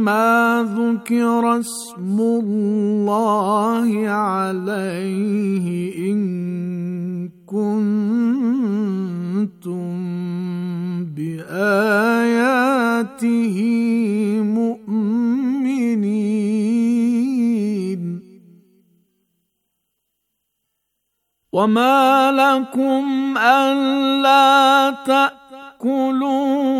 ما ذكر اسم الله عليه إن كنتم بآياته مؤمنين وما لكم ألا تأكلون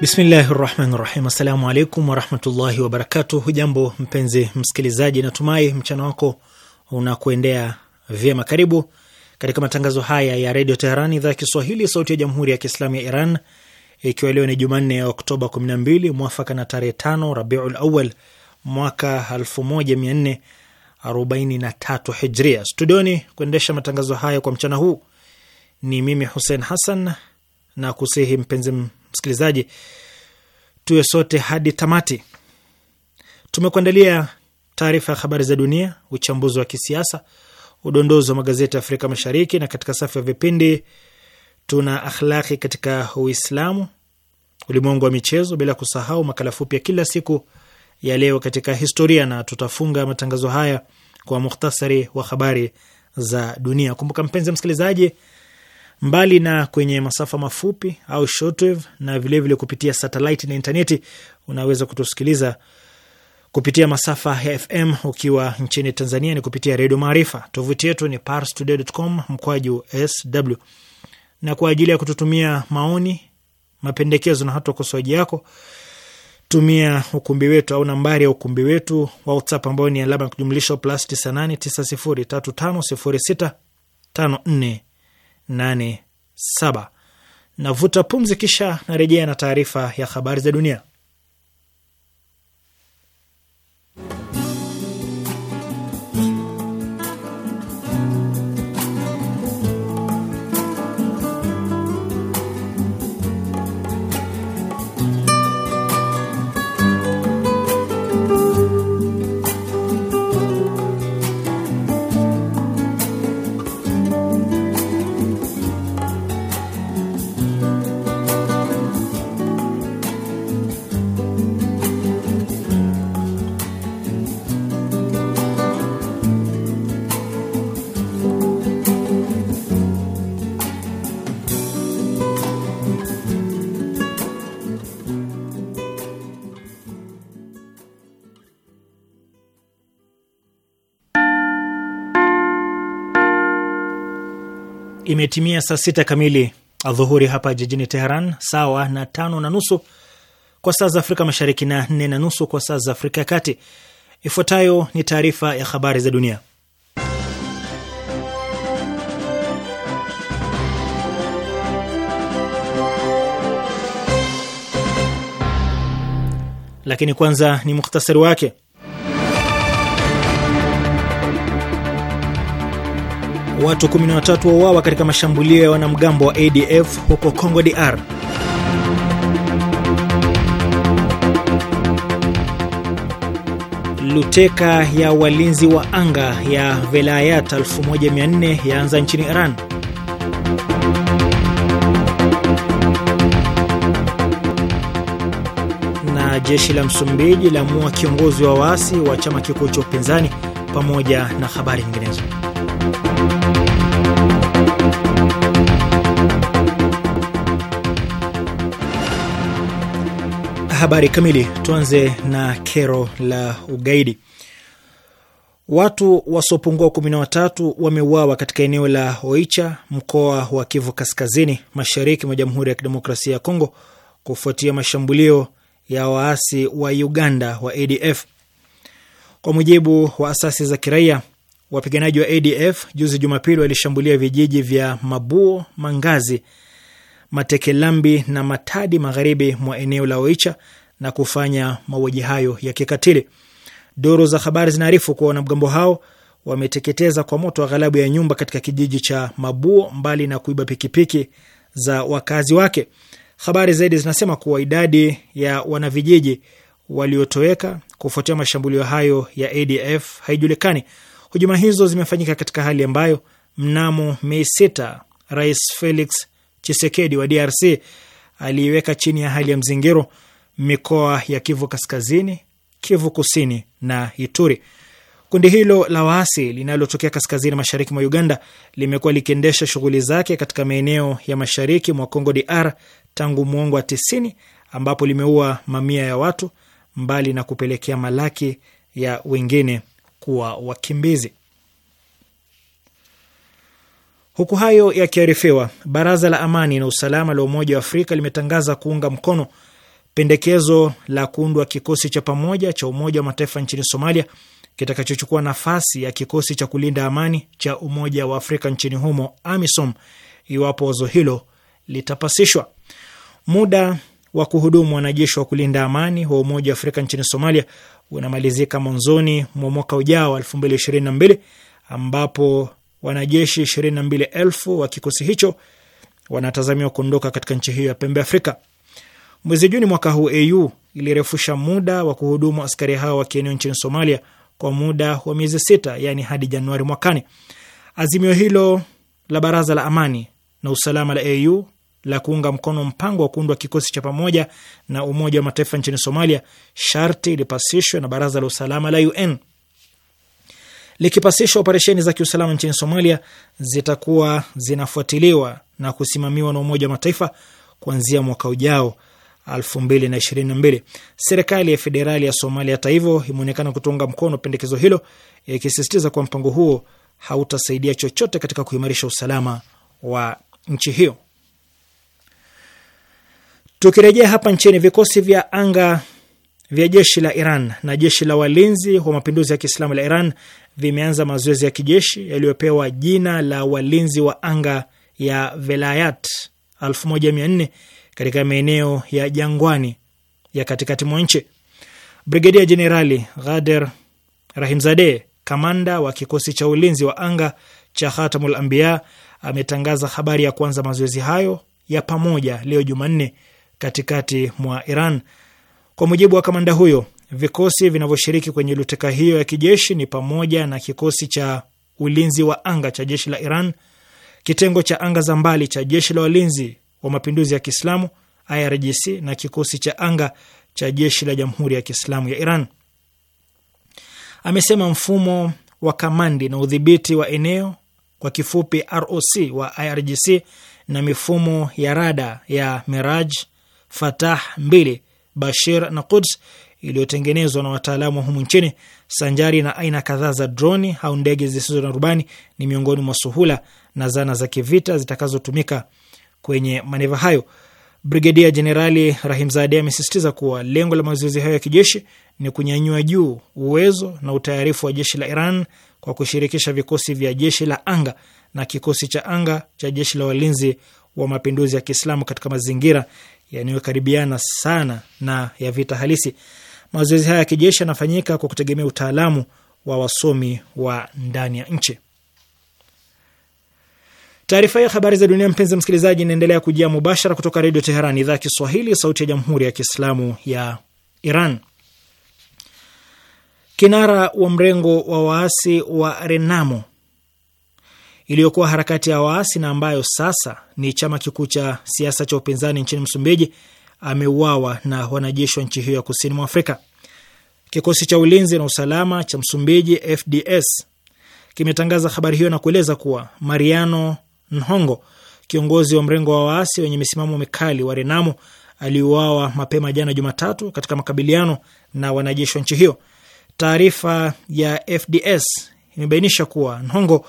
Bismillahi rahmani rahim. Assalamu alaikum warahmatullahi wabarakatuh. Hujambo mpenzi msikilizaji, natumai mchana wako unakuendea vyema. Karibu katika matangazo haya ya redio Teherani, idhaa ya Kiswahili, sauti ya jamhuri ya kiislamu ya Iran, ikiwa leo ni Jumanne ya Oktoba 12 mwafaka na tarehe 5 Rabiul Awal mwaka 1443 Hijria. Studioni kuendesha matangazo haya kwa mchana huu ni mimi Hussein Hassan na kusihi mpenzi msikilizaji, tuwe sote hadi tamati. Tumekuandalia taarifa ya habari za dunia, uchambuzi wa kisiasa, udondozi wa magazeti ya Afrika Mashariki, na katika safu ya vipindi tuna akhlaki katika Uislamu, ulimwengu wa michezo, bila kusahau makala fupi ya kila siku ya leo katika historia, na tutafunga matangazo haya kwa muhtasari wa habari za dunia. Kumbuka mpenzi msikilizaji mbali na kwenye masafa mafupi au shortwave, na vilevile vile kupitia satellite na intaneti. Unaweza kutusikiliza kupitia masafa ya FM ukiwa nchini Tanzania ni kupitia Redio Maarifa. Tovuti yetu ni parstoday.com mkwaju sw, na kwa ajili ya kututumia maoni, mapendekezo na hata ukosoaji yako, tumia ukumbi wetu au nambari ya ukumbi wetu wa WhatsApp ambao ni alama ya kujumlisha plus 98 90 35 54 nane saba. Navuta pumzi, kisha narejea na taarifa ya habari za dunia. imetimia saa sita kamili adhuhuri hapa jijini Teheran, sawa na tano na nusu kwa saa za Afrika Mashariki na nne na nusu kwa saa za Afrika ya Kati. Ifuatayo ni taarifa ya habari za dunia, lakini kwanza ni muhtasari wake. Watu 13 wauawa katika mashambulio ya wanamgambo wa ADF huko Congo DR. Luteka ya walinzi wa anga ya Velayat 1400 yaanza nchini Iran. Na jeshi la Msumbiji lamua kiongozi wa waasi wa chama kikuu cha upinzani pamoja na habari nyinginezo. Habari kamili. Tuanze na kero la ugaidi. Watu wasiopungua kumi na watatu wameuawa katika eneo la Oicha, mkoa wa Kivu Kaskazini, mashariki mwa Jamhuri ya Kidemokrasia ya Kongo, kufuatia mashambulio ya waasi wa Uganda wa ADF. Kwa mujibu wa asasi za kiraia, Wapiganaji wa ADF juzi Jumapili walishambulia vijiji vya Mabuo, Mangazi, Matekelambi na Matadi magharibi mwa eneo la Oicha na kufanya mauaji hayo ya kikatili. Duru za habari zinaarifu kuwa wanamgambo hao wameteketeza kwa moto aghalabu ya nyumba katika kijiji cha Mabuo, mbali na kuiba pikipiki za wakazi wake. Habari zaidi zinasema kuwa idadi ya wanavijiji waliotoweka kufuatia mashambulio hayo ya ADF haijulikani. Hujuma hizo zimefanyika katika hali ambayo mnamo Mei sita Rais Felix Chisekedi wa DRC aliiweka chini ya hali ya mzingiro mikoa ya Kivu Kaskazini, Kivu Kusini na Ituri. Kundi hilo la waasi linalotokea kaskazini mashariki mwa Uganda limekuwa likiendesha shughuli zake katika maeneo ya mashariki mwa Congo DR tangu mwongo wa tisini, ambapo limeua mamia ya watu mbali na kupelekea malaki ya wengine kuwa wakimbizi. Huku hayo yakiarifiwa, baraza la amani na usalama la Umoja wa Afrika limetangaza kuunga mkono pendekezo la kuundwa kikosi cha pamoja cha Umoja wa Mataifa nchini Somalia kitakachochukua nafasi ya kikosi cha kulinda amani cha Umoja wa Afrika nchini humo, AMISOM, iwapo wazo hilo litapasishwa. Muda wa kuhudumu wanajeshi wa kulinda amani wa Umoja wa Afrika nchini Somalia unamalizika mwanzoni mwa mwaka ujao elfu mbili ishirini na mbili ambapo wanajeshi ishirini na mbili elfu wa kikosi hicho wanatazamiwa kuondoka katika nchi hiyo ya pembe Afrika. Mwezi Juni mwaka huu, AU ilirefusha muda wa kuhudumu askari hao wa kieneo nchini Somalia kwa muda wa miezi sita, yaani hadi Januari mwakani. Azimio hilo la Baraza la Amani na Usalama la AU la kuunga mkono mpango wa kuundwa kikosi cha pamoja na Umoja wa Mataifa nchini Somalia sharti ilipasishwe na Baraza la Usalama la UN. Likipasishwa, operesheni za kiusalama nchini Somalia zitakuwa zinafuatiliwa na kusimamiwa na Umoja wa Mataifa kuanzia mwaka ujao 2022. Serikali ya federali ya Somalia, hata hivyo, imeonekana kutunga mkono pendekezo hilo, ikisisitiza kuwa mpango huo hautasaidia chochote katika kuimarisha usalama wa nchi hiyo. Tukirejea hapa nchini, vikosi vya anga vya jeshi la Iran na jeshi la walinzi wa mapinduzi ya Kiislamu la Iran vimeanza mazoezi ya kijeshi yaliyopewa jina la walinzi wa anga ya Velayat 1400 katika maeneo ya jangwani ya katikati mwa nchi. Brigedia Jenerali Ghader Rahimzadeh, kamanda wa kikosi cha ulinzi wa anga cha Khatamul Anbiya, ametangaza habari ya kuanza mazoezi hayo ya pamoja leo Jumanne katikati mwa Iran. Kwa mujibu wa kamanda huyo, vikosi vinavyoshiriki kwenye luteka hiyo ya kijeshi ni pamoja na kikosi cha ulinzi wa anga cha jeshi la Iran, kitengo cha anga za mbali cha jeshi la walinzi wa mapinduzi ya Kiislamu IRGC na kikosi cha anga cha jeshi la jamhuri ya Kiislamu ya Iran. Amesema mfumo wa kamandi na udhibiti wa eneo kwa kifupi ROC wa IRGC na mifumo ya rada ya Miraj Fatah mbili, Bashir na Quds iliyotengenezwa na wataalamu wa humu nchini, sanjari na aina kadhaa za droni au ndege zisizo na rubani, ni miongoni mwa suhula na zana za kivita zitakazotumika kwenye maneva hayo. Brigedia Jenerali Rahim Rahimzadi amesisitiza kuwa lengo la mazoezi hayo ya kijeshi ni kunyanyua juu uwezo na utayarifu wa jeshi la Iran kwa kushirikisha vikosi vya jeshi la anga na kikosi cha anga cha jeshi la walinzi wa mapinduzi ya Kiislamu katika mazingira yanayokaribiana sana na ya vita halisi. Mazoezi haya ya kijeshi yanafanyika kwa kutegemea utaalamu wa wasomi wa ndani ya nchi. Taarifa ya habari za dunia, mpenzi msikilizaji, inaendelea kujia mubashara kutoka Redio Teheran, idhaa ya Kiswahili, sauti ya jamhuri ya kiislamu ya Iran. Kinara wa mrengo wa waasi wa Renamo iliyokuwa harakati ya waasi na ambayo sasa ni chama kikuu cha siasa cha upinzani nchini Msumbiji ameuawa na wanajeshi wa nchi hiyo ya kusini mwa Afrika. Kikosi cha ulinzi na usalama cha Msumbiji, FDS, kimetangaza habari hiyo na kueleza kuwa Mariano Nhongo, kiongozi wa mrengo wa waasi wenye misimamo mikali wa Renamo, aliuawa mapema jana Jumatatu katika makabiliano na wanajeshi wa nchi hiyo. Taarifa ya FDS imebainisha kuwa Nhongo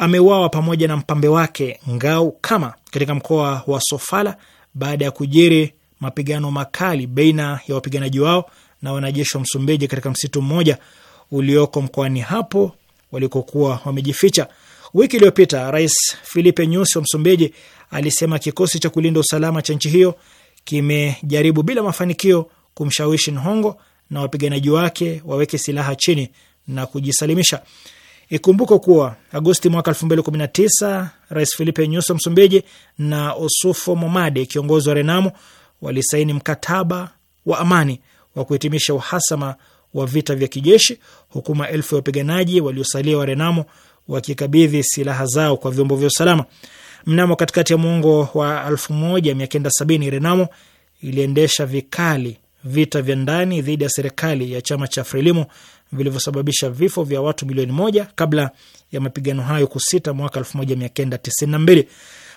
ameuawa pamoja na mpambe wake Ngau Kama katika mkoa wa Sofala baada ya kujiri mapigano makali baina ya wapiganaji wao na wanajeshi wa Msumbiji katika msitu mmoja ulioko mkoani hapo walikokuwa wamejificha. Wiki iliyopita, Rais Filipe Nyusi wa Msumbiji alisema kikosi cha kulinda usalama cha nchi hiyo kimejaribu bila mafanikio kumshawishi Nhongo na wapiganaji wake waweke silaha chini na kujisalimisha. Ikumbuko kuwa Agosti mwaka 2019 Rais Filipe Nyuso Msumbiji na usufo Momade, kiongozi wa Renamo, walisaini mkataba wa amani wa kuhitimisha uhasama wa vita vya kijeshi, huku maelfu ya wapiganaji waliosalia wa Renamo wakikabidhi silaha zao kwa vyombo vya usalama. Mnamo katikati ya muongo wa 1970 Renamo iliendesha vikali vita vya ndani dhidi ya serikali ya chama cha Frelimo vilivyosababisha vifo vya watu milioni moja kabla ya mapigano hayo kusita mwaka 1992.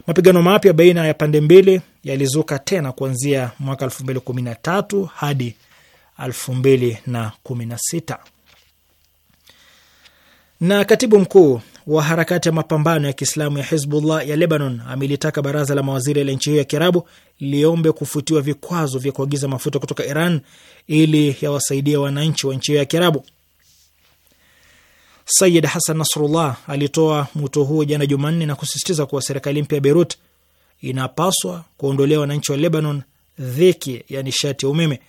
Mapigano mapya baina ya pande mbili yalizuka tena kuanzia mwaka 2013 hadi 2016. Na katibu mkuu wa harakati ya mapambano ya Kiislamu ya Hizbullah ya Lebanon amelitaka baraza la mawaziri la nchi hiyo ya Kiarabu liombe kufutiwa vikwazo vya kuagiza mafuta kutoka Iran ili yawasaidia wananchi wa nchi hiyo ya Kiarabu. Sayid Hasan Nasrullah alitoa mwito huo jana Jumanne na kusisitiza kuwa serikali mpya ya Beirut inapaswa kuondolea wananchi wa Lebanon dhiki ya nishati ya umeme.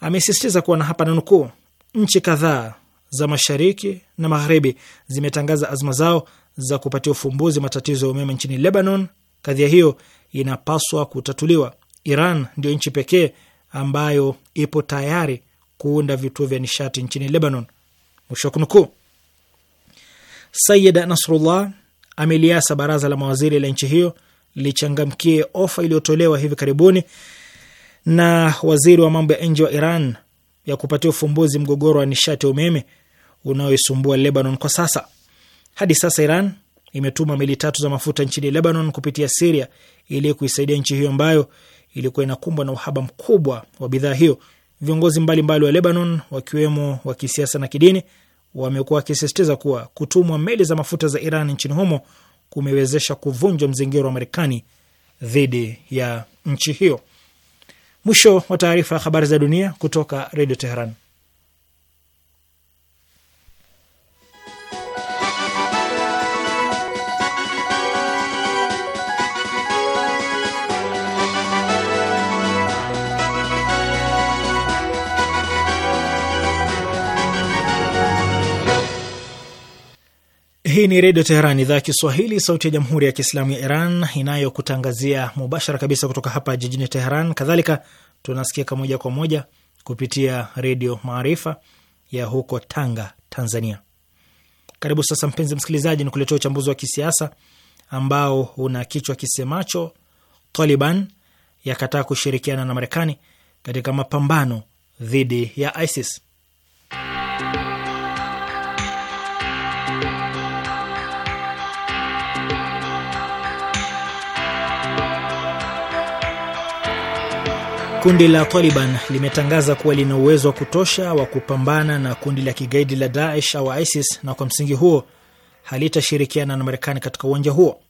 Amesisitiza kuwa na hapa nanukuu, nchi kadhaa za mashariki na magharibi zimetangaza azma zao za kupatia ufumbuzi matatizo ya umeme nchini Lebanon. Kadhia hiyo inapaswa kutatuliwa. Iran ndio nchi pekee ambayo ipo tayari kuunda vituo vya nishati nchini Lebanon, mwisho wa kunukuu. Sayid Nasrullah ameliasa baraza la mawaziri la nchi hiyo lichangamkie ofa iliyotolewa hivi karibuni na waziri wa mambo ya nje wa Iran ya kupatia ufumbuzi mgogoro wa nishati ya umeme unaoisumbua Lebanon kwa sasa. Hadi sasa Iran imetuma meli tatu za mafuta nchini Lebanon kupitia Siria ili kuisaidia nchi hiyo ambayo ilikuwa inakumbwa na uhaba mkubwa wa bidhaa hiyo. Viongozi mbalimbali mbali wa Lebanon, wakiwemo wa kisiasa na kidini, wamekuwa wakisisitiza kuwa kutumwa meli za mafuta za Iran nchini humo kumewezesha kuvunjwa mzingiro wa Marekani dhidi ya nchi hiyo. Mwisho wa taarifa ya habari za dunia kutoka Redio Teheran. Hii ni Redio Teheran, idhaa ya Kiswahili, sauti ya Jamhuri ya Kiislamu ya Iran, inayokutangazia mubashara kabisa kutoka hapa jijini Teheran. Kadhalika tunasikika moja kwa moja kupitia Redio Maarifa ya huko Tanga, Tanzania. Karibu sasa, mpenzi msikilizaji, ni kuletea uchambuzi wa kisiasa ambao una kichwa kisemacho Taliban yakataa kushirikiana na Marekani katika mapambano dhidi ya ISIS. Kundi la Taliban limetangaza kuwa lina uwezo wa kutosha wa kupambana na kundi la kigaidi la Daesh au ISIS na kwa msingi huo halitashirikiana na Marekani katika uwanja huo.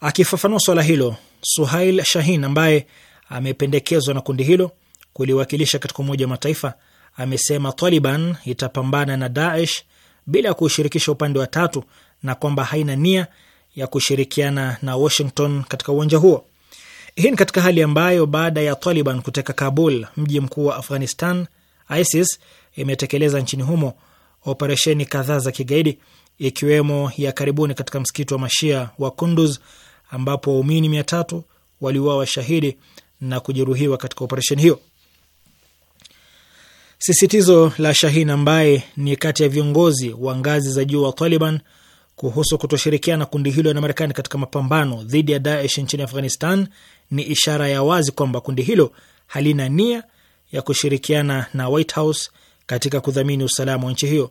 Akifafanua swala hilo, Suhail Shahin ambaye amependekezwa na kundi hilo kuliwakilisha katika Umoja wa Mataifa amesema Taliban itapambana na Daesh bila ya kushirikisha upande wa tatu na kwamba haina nia ya kushirikiana na Washington katika uwanja huo. Hii ni katika hali ambayo baada ya Taliban kuteka Kabul, mji mkuu wa Afghanistan, ISIS imetekeleza nchini humo operesheni kadhaa za kigaidi, ikiwemo ya karibuni katika msikiti wa Mashia wa Kunduz ambapo waumini mia tatu waliuawa washahidi na kujeruhiwa katika operesheni hiyo. Sisitizo la Shahin ambaye ni kati ya viongozi wa ngazi za juu wa Taliban kuhusu kutoshirikiana kundi hilo na Marekani katika mapambano dhidi ya Daesh nchini Afghanistan ni ishara ya wazi kwamba kundi hilo halina nia ya kushirikiana na White House katika kudhamini usalama wa nchi hiyo.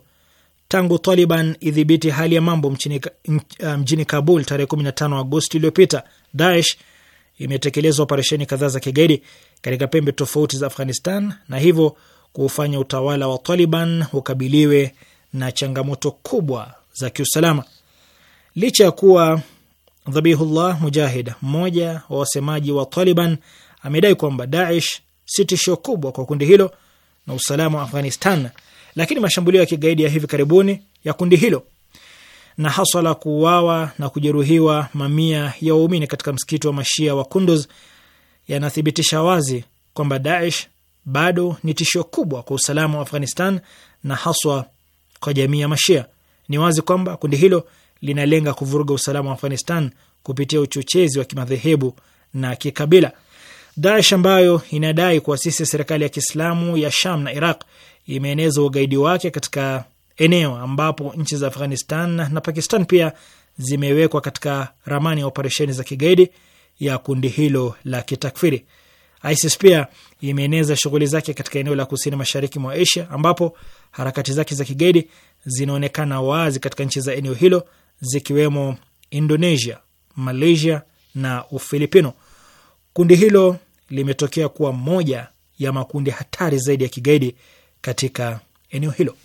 Tangu Taliban idhibiti hali ya mambo mchini, uh, mjini Kabul tarehe 15 Agosti iliyopita, Daesh imetekeleza operesheni kadhaa za kigaidi katika pembe tofauti za Afghanistan na hivyo kuufanya utawala wa Taliban ukabiliwe na changamoto kubwa za kiusalama. Licha ya kuwa Dhabihullah Mujahid, mmoja wa wasemaji wa Taliban, amedai kwamba Daesh si tishio kubwa kwa kundi hilo na usalama wa Afghanistan, lakini mashambulio ya kigaidi ya hivi karibuni ya kundi hilo na haswa la kuuawa na kujeruhiwa mamia ya waumini katika msikiti wa mashia wa Kunduz yanathibitisha wazi kwamba Daesh bado ni tishio kubwa kwa usalama wa Afghanistan na haswa kwa jamii ya Mashia. Ni wazi kwamba kundi hilo linalenga kuvuruga usalama wa Afghanistan kupitia uchochezi wa kimadhehebu na kikabila. Daesh ambayo inadai kuasisi serikali ya Kiislamu ya Sham na Iraq imeeneza ugaidi wake katika eneo ambapo nchi za Afghanistan na Pakistan pia zimewekwa katika ramani ya operesheni za kigaidi ya kundi hilo la kitakfiri. ISIS pia imeeneza shughuli zake katika eneo la kusini mashariki mwa Asia ambapo harakati zake za kigaidi zinaonekana wazi katika nchi za eneo hilo zikiwemo Indonesia, Malaysia na Ufilipino. Kundi hilo limetokea kuwa moja ya makundi hatari zaidi ya kigaidi katika eneo hilo.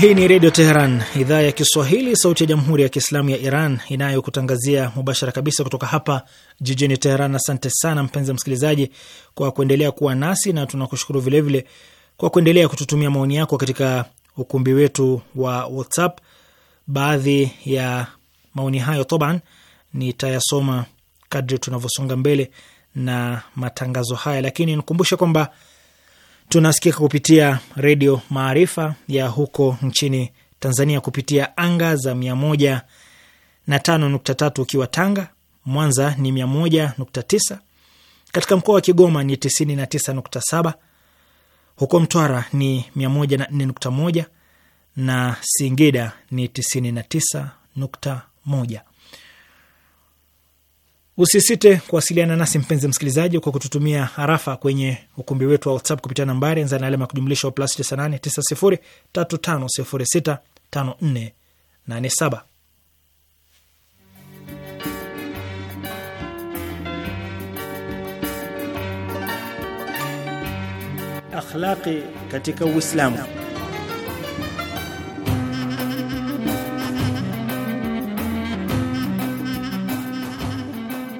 Hii ni Redio Teheran, idhaa ya Kiswahili, sauti ya Jamhuri ya Kiislamu ya Iran, inayokutangazia mubashara kabisa kutoka hapa jijini Teheran. Asante sana mpenzi msikilizaji kwa kuendelea kuwa nasi na tunakushukuru vilevile kwa kuendelea kututumia maoni yako katika ukumbi wetu wa WhatsApp. Baadhi ya maoni hayo toban nitayasoma kadri tunavyosonga mbele na matangazo haya, lakini nikumbushe kwamba tunasikika kupitia redio Maarifa ya huko nchini Tanzania kupitia anga za mia moja na tano nukta tatu ukiwa Tanga, Mwanza ni mia moja nukta tisa katika mkoa wa Kigoma ni tisini na tisa nukta saba huko Mtwara ni mia moja na nne nukta moja na Singida ni tisini na tisa nukta moja. Usisite kuwasiliana nasi mpenzi msikilizaji, kwa kututumia harafa kwenye ukumbi wetu wa WhatsApp kupitia nambari anza na alama ya kujumlisha wa plus 989035065487. Akhlaqi katika Uislamu.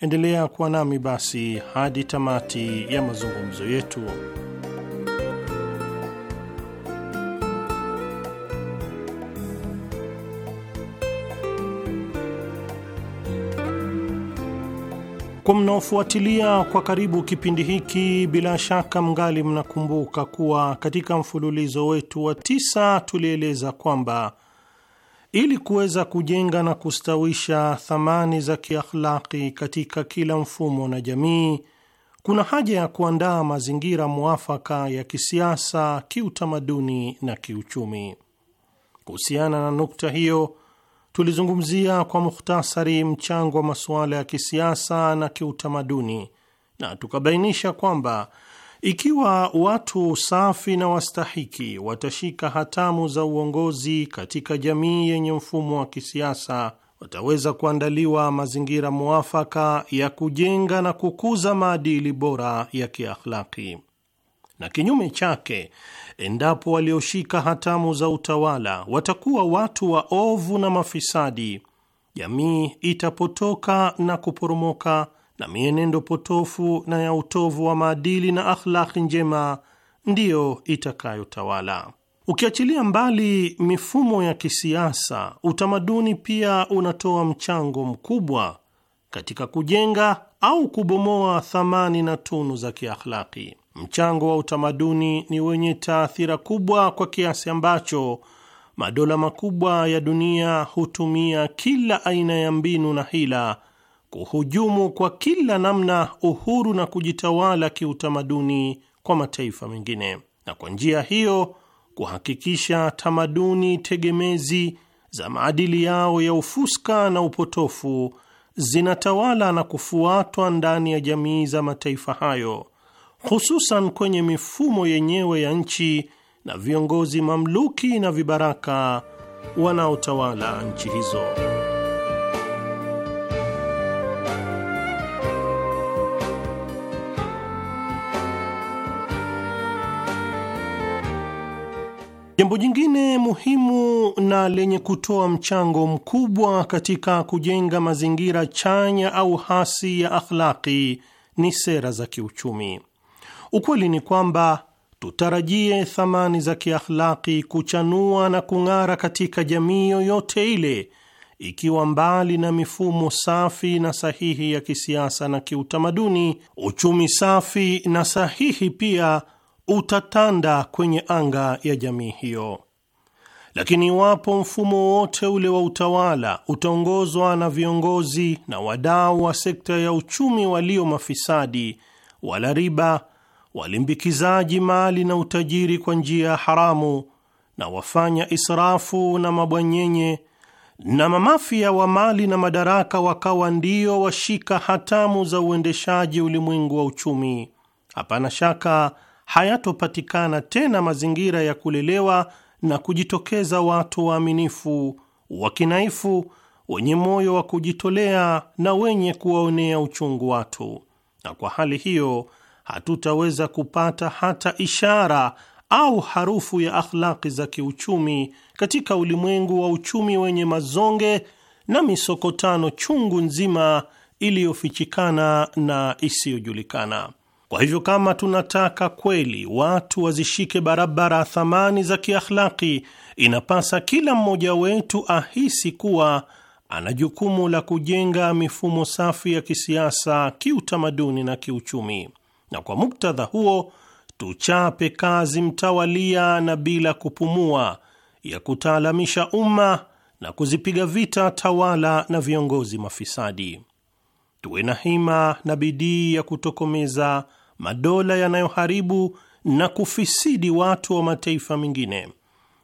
Endelea kuwa nami basi hadi tamati ya mazungumzo yetu. Kwa mnaofuatilia kwa karibu kipindi hiki, bila shaka mngali mnakumbuka kuwa katika mfululizo wetu wa tisa tulieleza kwamba ili kuweza kujenga na kustawisha thamani za kiakhlaki katika kila mfumo na jamii, kuna haja ya kuandaa mazingira muafaka ya kisiasa, kiutamaduni na kiuchumi. Kuhusiana na nukta hiyo, tulizungumzia kwa mukhtasari mchango wa masuala ya kisiasa na kiutamaduni na tukabainisha kwamba ikiwa watu safi na wastahiki watashika hatamu za uongozi katika jamii yenye mfumo wa kisiasa, wataweza kuandaliwa mazingira muafaka ya kujenga na kukuza maadili bora ya kiakhlaki. Na kinyume chake, endapo walioshika hatamu za utawala watakuwa watu waovu na mafisadi, jamii itapotoka na kuporomoka na mienendo potofu na ya utovu wa maadili na akhlaki njema ndiyo itakayotawala. Ukiachilia mbali mifumo ya kisiasa, utamaduni pia unatoa mchango mkubwa katika kujenga au kubomoa thamani na tunu za kiakhlaki. Mchango wa utamaduni ni wenye taathira kubwa kwa kiasi ambacho madola makubwa ya dunia hutumia kila aina ya mbinu na hila kuhujumu kwa kila namna uhuru na kujitawala kiutamaduni kwa mataifa mengine, na kwa njia hiyo kuhakikisha tamaduni tegemezi za maadili yao ya ufuska na upotofu zinatawala na kufuatwa ndani ya jamii za mataifa hayo, hususan kwenye mifumo yenyewe ya nchi na viongozi mamluki na vibaraka wanaotawala nchi hizo. Jambo jingine muhimu na lenye kutoa mchango mkubwa katika kujenga mazingira chanya au hasi ya akhlaki ni sera za kiuchumi. Ukweli ni kwamba tutarajie thamani za kiakhlaki kuchanua na kung'ara katika jamii yoyote ile, ikiwa mbali na mifumo safi na sahihi ya kisiasa na kiutamaduni, uchumi safi na sahihi pia utatanda kwenye anga ya jamii hiyo. Lakini iwapo mfumo wote ule wa utawala utaongozwa na viongozi na wadau wa sekta ya uchumi walio mafisadi, wala riba, walimbikizaji mali na utajiri kwa njia haramu, na wafanya israfu na mabwanyenye na mamafia wa mali na madaraka wakawa ndio washika hatamu za uendeshaji ulimwengu wa uchumi, hapana shaka hayatopatikana tena mazingira ya kulelewa na kujitokeza watu waaminifu, wakinaifu, wenye moyo wa kujitolea na wenye kuwaonea uchungu watu, na kwa hali hiyo hatutaweza kupata hata ishara au harufu ya akhlaki za kiuchumi katika ulimwengu wa uchumi wenye mazonge na misokotano chungu nzima iliyofichikana na isiyojulikana. Kwa hivyo kama tunataka kweli watu wazishike barabara thamani za kiakhlaki, inapasa kila mmoja wetu ahisi kuwa ana jukumu la kujenga mifumo safi ya kisiasa, kiutamaduni na kiuchumi, na kwa muktadha huo tuchape kazi mtawalia na bila kupumua ya kutaalamisha umma na kuzipiga vita tawala na viongozi mafisadi. Tuwe na hima na bidii ya kutokomeza madola yanayoharibu na kufisidi watu wa mataifa mengine,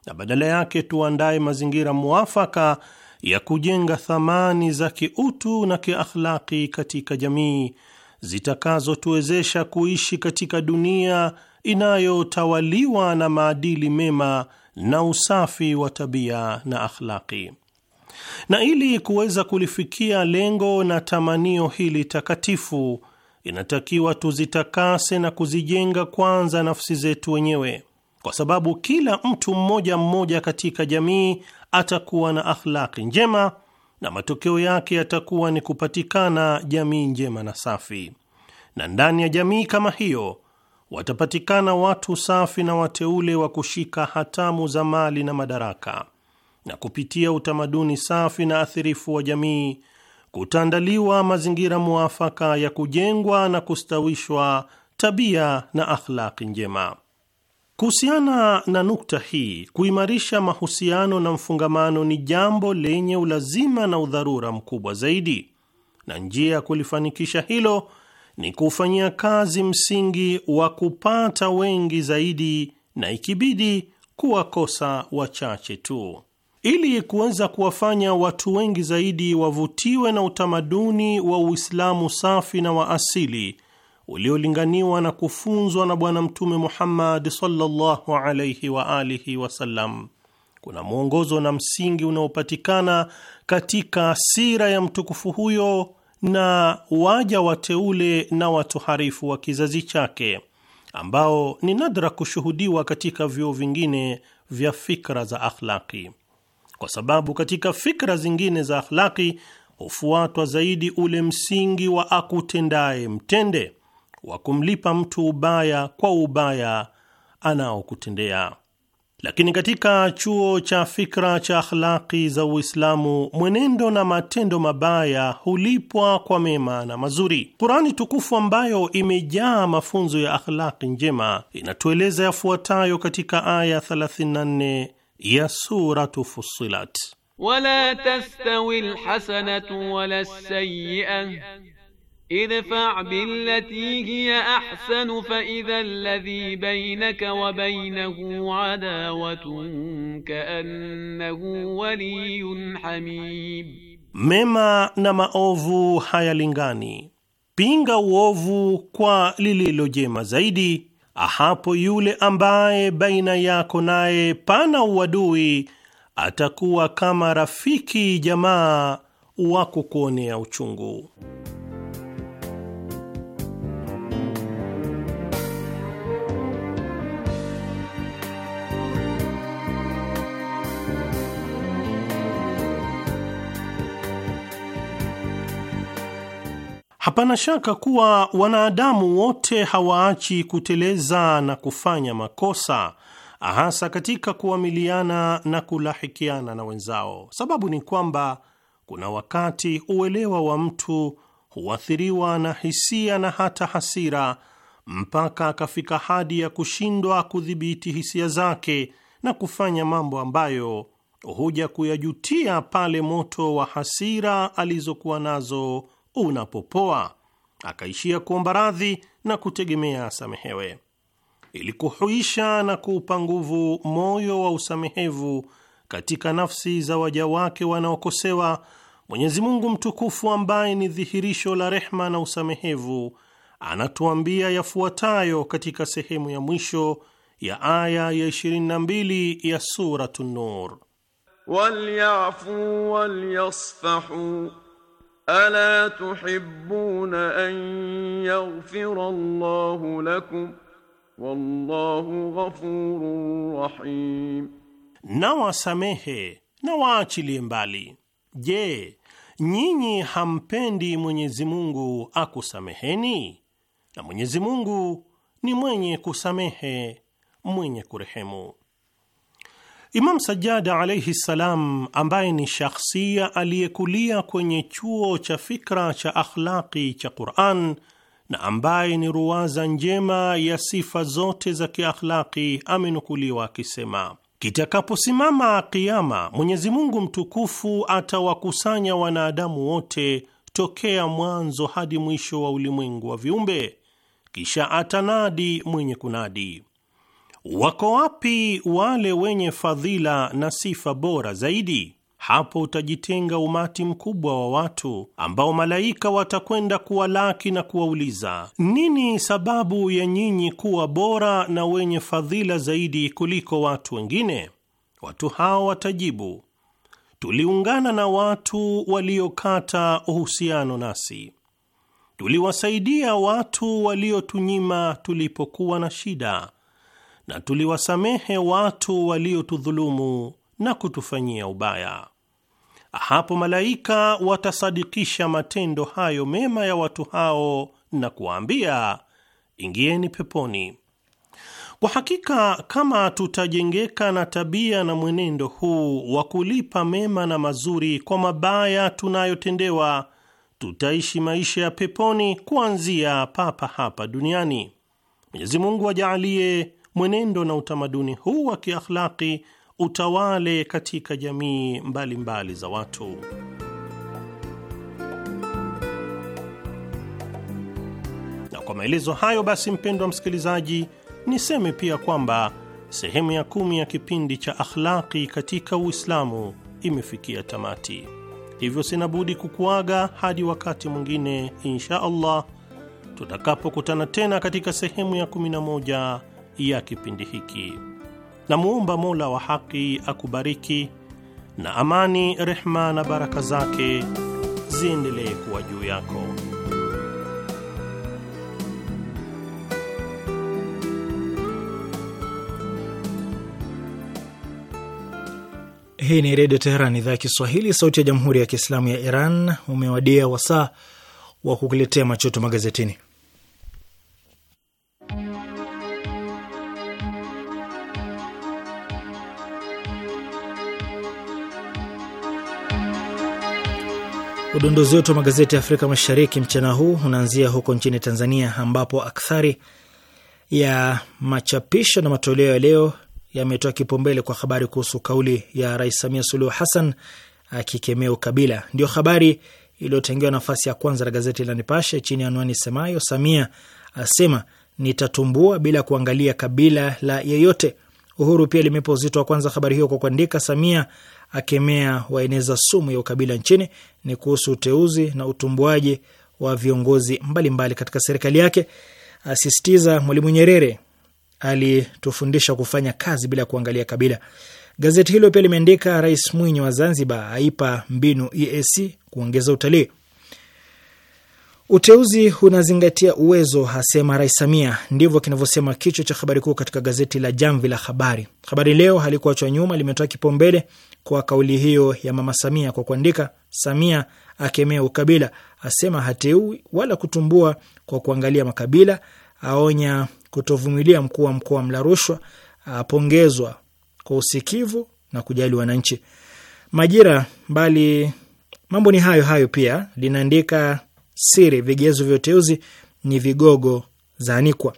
na badala yake tuandaye mazingira mwafaka ya kujenga thamani za kiutu na kiakhlaki katika jamii zitakazotuwezesha kuishi katika dunia inayotawaliwa na maadili mema na usafi wa tabia na akhlaki. Na ili kuweza kulifikia lengo na tamanio hili takatifu inatakiwa tuzitakase na kuzijenga kwanza nafsi zetu wenyewe, kwa sababu kila mtu mmoja mmoja katika jamii atakuwa na akhlaki njema na matokeo yake yatakuwa ni kupatikana jamii njema na safi, na ndani ya jamii kama hiyo watapatikana watu safi na wateule wa kushika hatamu za mali na madaraka, na kupitia utamaduni safi na athirifu wa jamii kutaandaliwa mazingira mwafaka ya kujengwa na kustawishwa tabia na akhlaki njema. Kuhusiana na nukta hii, kuimarisha mahusiano na mfungamano ni jambo lenye ulazima na udharura mkubwa zaidi, na njia ya kulifanikisha hilo ni kuufanyia kazi msingi wa kupata wengi zaidi, na ikibidi kuwakosa wachache tu ili kuweza kuwafanya watu wengi zaidi wavutiwe na utamaduni wa Uislamu safi na wa asili uliolinganiwa na kufunzwa na Bwana Mtume Muhammad sallallahu alayhi wa alihi wasallam. Kuna mwongozo na msingi unaopatikana katika sira ya mtukufu huyo na waja wateule na harifu wa kizazi chake ambao ni nadra kushuhudiwa katika vyuo vingine vya fikra za akhlaki kwa sababu katika fikra zingine za akhlaki hufuatwa zaidi ule msingi wa akutendaye mtende, wa kumlipa mtu ubaya kwa ubaya anaokutendea. Lakini katika chuo cha fikra cha akhlaki za Uislamu, mwenendo na matendo mabaya hulipwa kwa mema na mazuri. Kurani tukufu ambayo imejaa mafunzo ya akhlaki njema inatueleza yafuatayo katika aya 34 ya Suratu Fussilat, wala tastawi alhasanatu wala alsayyi'atu idfa' billati hiya ahsanu fa idha alladhi baynaka wa baynahu adawatun ka'annahu waliyyun hamim, mema na maovu hayalingani, pinga uovu kwa lililo jema zaidi hapo yule ambaye baina yako naye pana uadui atakuwa kama rafiki jamaa wa kukuonea uchungu. Hapana shaka kuwa wanadamu wote hawaachi kuteleza na kufanya makosa, hasa katika kuamiliana na kulahikiana na wenzao. Sababu ni kwamba kuna wakati uelewa wa mtu huathiriwa na hisia na hata hasira, mpaka akafika hadi ya kushindwa kudhibiti hisia zake na kufanya mambo ambayo huja kuyajutia pale moto wa hasira alizokuwa nazo unapopoa, akaishia kuomba radhi na kutegemea asamehewe. Ili kuhuisha na kuupa nguvu moyo wa usamehevu katika nafsi za waja wake wanaokosewa, Mwenyezi Mungu mtukufu ambaye ni dhihirisho la rehma na usamehevu anatuambia yafuatayo katika sehemu ya mwisho ya aya ya 22 ya Suratu Nur: walyafu walyasfahu ألا تحبون أن يغفر الله لكم wallahu ghafurur rahim, na na waachilie mbali. Je, nyinyi hampendi Mwenyezi Mungu akusameheni? Na Mwenyezi Mungu ni mwenye kusamehe mwenye kurehemu. Imam Sajada alaihi ssalam, ambaye ni shakhsia aliyekulia kwenye chuo cha fikra cha akhlaqi cha Quran na ambaye ni ruwaza njema ya sifa zote za kiakhlaqi, amenukuliwa akisema Kitakaposimama kiama, Mwenyezi Mungu mtukufu atawakusanya wanadamu wote tokea mwanzo hadi mwisho wa ulimwengu wa viumbe, kisha atanadi mwenye kunadi, Wako wapi wale wenye fadhila na sifa bora zaidi? Hapo utajitenga umati mkubwa wa watu ambao malaika watakwenda kuwalaki na kuwauliza, nini sababu ya nyinyi kuwa bora na wenye fadhila zaidi kuliko watu wengine? Watu hao watajibu, tuliungana na watu waliokata uhusiano nasi, tuliwasaidia watu waliotunyima tulipokuwa na shida na tuliwasamehe watu waliotudhulumu na kutufanyia ubaya. Hapo malaika watasadikisha matendo hayo mema ya watu hao na kuwaambia, ingieni peponi. Kwa hakika kama tutajengeka na tabia na mwenendo huu wa kulipa mema na mazuri kwa mabaya tunayotendewa, tutaishi maisha ya peponi kuanzia papa hapa duniani. Mwenyezi Mungu ajaalie mwenendo na utamaduni huu wa kiakhlaki utawale katika jamii mbalimbali mbali za watu. Na kwa maelezo hayo basi, mpendwa msikilizaji, niseme pia kwamba sehemu ya kumi ya kipindi cha akhlaki katika Uislamu imefikia tamati. Hivyo sina budi kukuaga hadi wakati mwingine insha Allah tutakapokutana tena katika sehemu ya 11 ya kipindi hiki. Namuomba Mola wa haki akubariki, na amani, rehma na baraka zake ziendelee kuwa juu yako. Hii ni Redio Teheran, idhaa ya Kiswahili, sauti ya Jamhuri ya Kiislamu ya Iran. Umewadia wasaa wa kukuletea machoto magazetini. Udondozi wetu wa magazeti ya Afrika Mashariki mchana huu unaanzia huko nchini Tanzania, ambapo akthari ya machapisho na matoleo ya leo yametoa kipaumbele kwa habari kuhusu kauli ya Rais Samia Suluhu Hassan akikemea ukabila. Ndio habari iliyotengewa nafasi ya kwanza la gazeti la Nipashe chini ya anwani semayo, Samia asema nitatumbua bila kuangalia kabila la yeyote. Uhuru pia limepa uzito wa kwanza habari hiyo kwa kuandika, Samia akemea waeneza sumu ya ukabila nchini ni kuhusu uteuzi na utumbuaji wa viongozi mbalimbali mbali katika serikali yake. Asisitiza Mwalimu Nyerere alitufundisha kufanya kazi bila kuangalia kabila. Gazeti hilo pia limeandika Rais Mwinyi wa Zanzibar aipa mbinu EAC kuongeza utalii. Uteuzi unazingatia uwezo, asema Rais Samia. Ndivyo kinavyosema kichwa cha habari kuu katika gazeti la Jamvi la Habari. Habari Leo halikuachwa nyuma, limetoa kipaumbele kwa kauli hiyo ya Mama Samia kwa kuandika, Samia akemea ukabila, asema hateui wala kutumbua kwa kuangalia makabila, aonya kutovumilia mkuu wa mkoa mla rushwa, apongezwa kwa usikivu na kujali wananchi. Majira mbali mambo ni hayo hayo, pia linaandika siri, vigezo vya uteuzi ni vigogo zaanikwa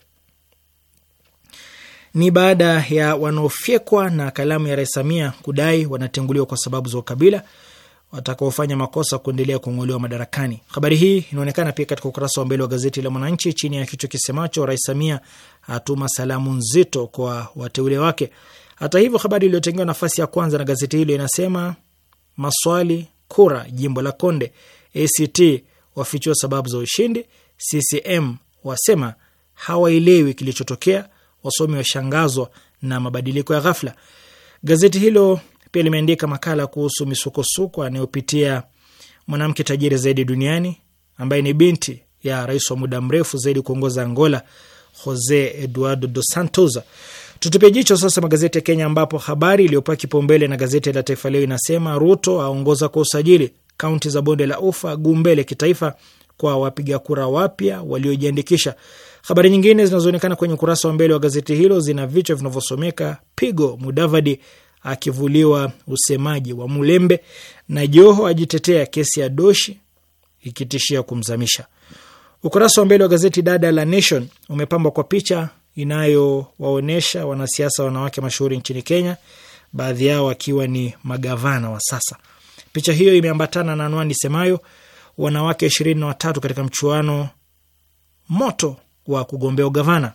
ni baada ya wanaofyekwa na kalamu ya Rais Samia kudai wanatenguliwa kwa sababu za ukabila watakaofanya makosa kuendelea kung'olewa madarakani. Habari hii inaonekana pia katika ukurasa wa mbele wa gazeti la Mwananchi chini ya kichwa kisemacho Rais Samia atuma salamu nzito kwa wateule wake. Hata hivyo, habari iliyotengewa nafasi ya kwanza na gazeti hilo inasema maswali kura jimbo la Konde, ACT wafichua sababu za ushindi, CCM wasema hawaelewi kilichotokea, wasomi washangazwa na mabadiliko ya ghafla. Gazeti hilo pia limeandika makala kuhusu misukosuko anayopitia mwanamke tajiri zaidi duniani ambaye ni binti ya rais wa muda mrefu zaidi kuongoza Angola, Jose Eduardo Dos Santos. Tutupe jicho sasa magazeti ya Kenya, ambapo habari iliyopewa kipaumbele na gazeti la Taifa Leo inasema Ruto aongoza kwa usajili kaunti za bonde la ufa, gumbele kitaifa kwa wapiga kura wapya waliojiandikisha. Habari nyingine zinazoonekana kwenye ukurasa wa mbele wa gazeti hilo zina vichwa vinavyosomeka pigo Mudavadi akivuliwa usemaji wa Mulembe na Joho ajitetea kesi ya Doshi ikitishia kumzamisha. Ukurasa wa mbele wa gazeti dada la Nation umepambwa kwa picha inayowaonyesha wanasiasa wanawake mashuhuri nchini Kenya, baadhi yao wakiwa ni magavana wa sasa. Picha hiyo imeambatana na anwani semayo wanawake ishirini na watatu katika mchuano moto wa kugombea ugavana.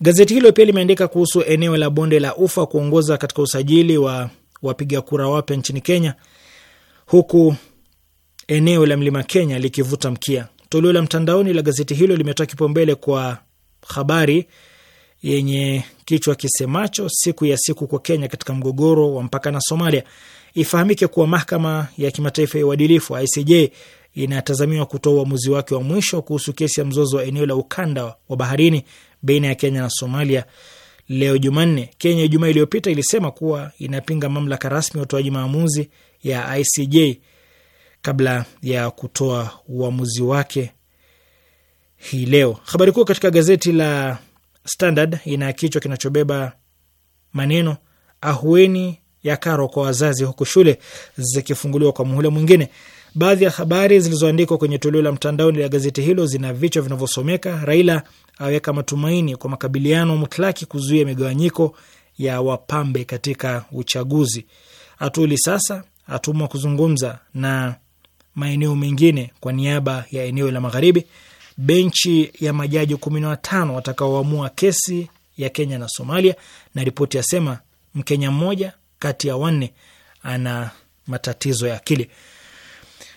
Gazeti hilo pia limeandika kuhusu eneo la bonde la ufa kuongoza katika usajili wa wapiga kura wapya nchini Kenya, huku eneo la mlima Kenya likivuta mkia. Toleo la mtandaoni la gazeti hilo limetoa kipaumbele kwa habari yenye kichwa kisemacho siku ya siku kwa Kenya katika mgogoro wa mpaka na Somalia. Ifahamike kuwa mahakama ya kimataifa ya uadilifu ICJ inatazamiwa kutoa uamuzi wake wa mwisho kuhusu kesi ya mzozo wa eneo la ukanda wa baharini baina ya Kenya na Somalia leo Jumanne. Kenya Ijumaa iliyopita ilisema kuwa inapinga mamlaka rasmi ya utoaji maamuzi ya ICJ kabla ya kutoa uamuzi wake hii leo. Habari kuu katika gazeti la Standard ina kichwa kinachobeba maneno ahueni ya karo kwa wazazi huku shule zikifunguliwa kwa muhula mwingine. Baadhi ya habari zilizoandikwa kwenye toleo la mtandaoni la gazeti hilo zina vichwa vinavyosomeka: Raila aweka matumaini kwa makabiliano mutlaki kuzuia migawanyiko ya wapambe katika uchaguzi, Atuli sasa atumwa kuzungumza na maeneo mengine kwa niaba ya eneo la magharibi, benchi ya majaji kumi na watano watakaoamua kesi ya Kenya na Somalia, na ripoti yasema Mkenya mmoja kati ya wanne ana matatizo ya akili.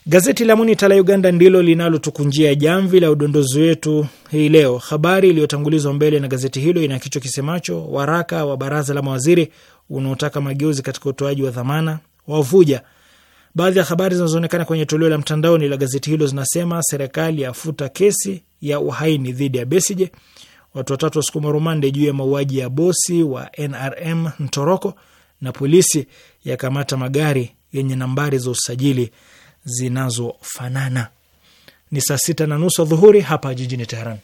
Gazeti la Monitor la Uganda ndilo linalotukunjia jamvi la udondozi wetu hii leo. Habari iliyotangulizwa mbele na gazeti hilo ina kichwa kisemacho waraka wa baraza la mawaziri unaotaka mageuzi katika utoaji wa dhamana wavuja. Baadhi ya habari zinazoonekana kwenye toleo la mtandaoni la gazeti hilo zinasema serikali yafuta kesi ya uhaini dhidi ya Besije, watu watatu wasukuma rumande juu ya mauaji ya bosi wa NRM Ntoroko, na polisi yakamata magari yenye nambari za usajili zinazofanana. Ni saa sita na nusu dhuhuri hapa jijini Teheran.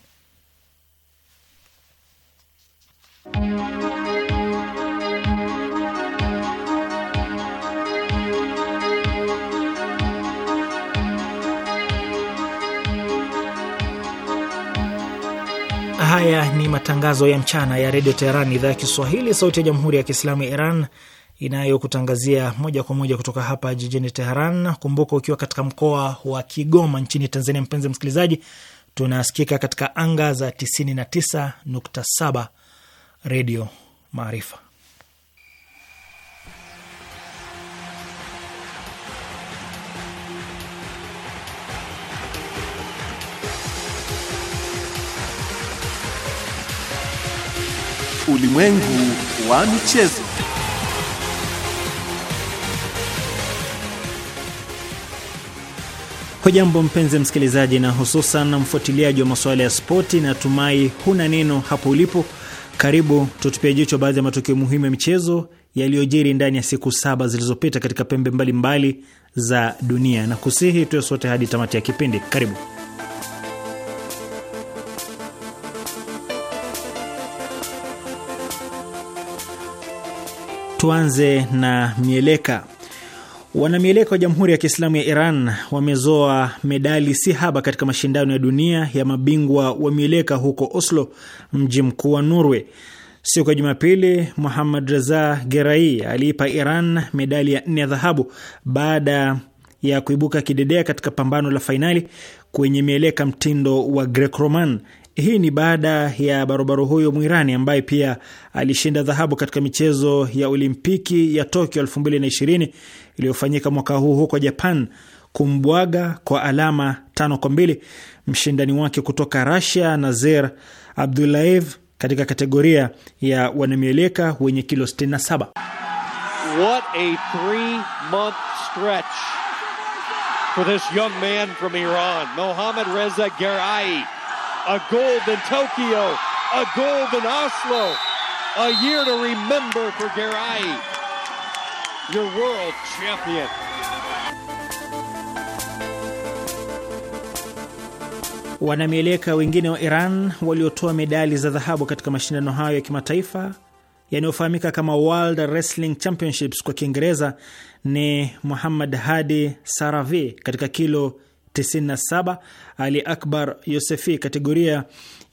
Haya ni matangazo ya mchana ya redio Teheran, idhaa ya Kiswahili, sauti ya jamhuri ya kiislamu ya Iran inayokutangazia moja kwa moja kutoka hapa jijini Teheran. Kumbuka ukiwa katika mkoa wa Kigoma nchini Tanzania, mpenzi msikilizaji, tunasikika katika anga za 99.7 Redio Maarifa. Ulimwengu wa michezo. Hujambo mpenzi msikilizaji, na hususan mfuatiliaji wa masuala ya spoti, na tumai huna neno hapo ulipo. Karibu tutupia jicho baadhi ya matukio muhimu ya michezo yaliyojiri ndani ya siku saba zilizopita katika pembe mbalimbali mbali za dunia, na kusihi tuwe sote hadi tamati ya kipindi. Karibu. Tuanze na mieleka. Wanamieleka wa Jamhuri ya Kiislamu ya Iran wamezoa medali si haba katika mashindano ya dunia ya mabingwa wa mieleka huko Oslo, mji mkuu wa Norway. Siku ya Jumapili, Muhammad Reza Gerai aliipa Iran medali ya nne ya dhahabu baada ya kuibuka kidedea katika pambano la fainali kwenye mieleka mtindo wa Greco-Roman hii ni baada ya barobaro huyo Mwirani ambaye pia alishinda dhahabu katika michezo ya Olimpiki ya Tokyo 2020 iliyofanyika mwaka huu huko Japan kumbwaga kwa alama tano kwa mbili mshindani wake kutoka rasia Nazer Abdulaev katika kategoria ya wanamieleka wenye kilo 67. What a three-month stretch for this young man from Iran, Mohammad Reza a gold in Tokyo, a gold in Oslo, a year to remember for Garay, your world champion. Wanamieleka wengine wa Iran waliotoa medali za dhahabu katika mashindano hayo ya kimataifa yanayofahamika kama World Wrestling Championships kwa Kiingereza ni Muhammad Hadi Saravi katika kilo 97, Ali Akbar Yosefi kategoria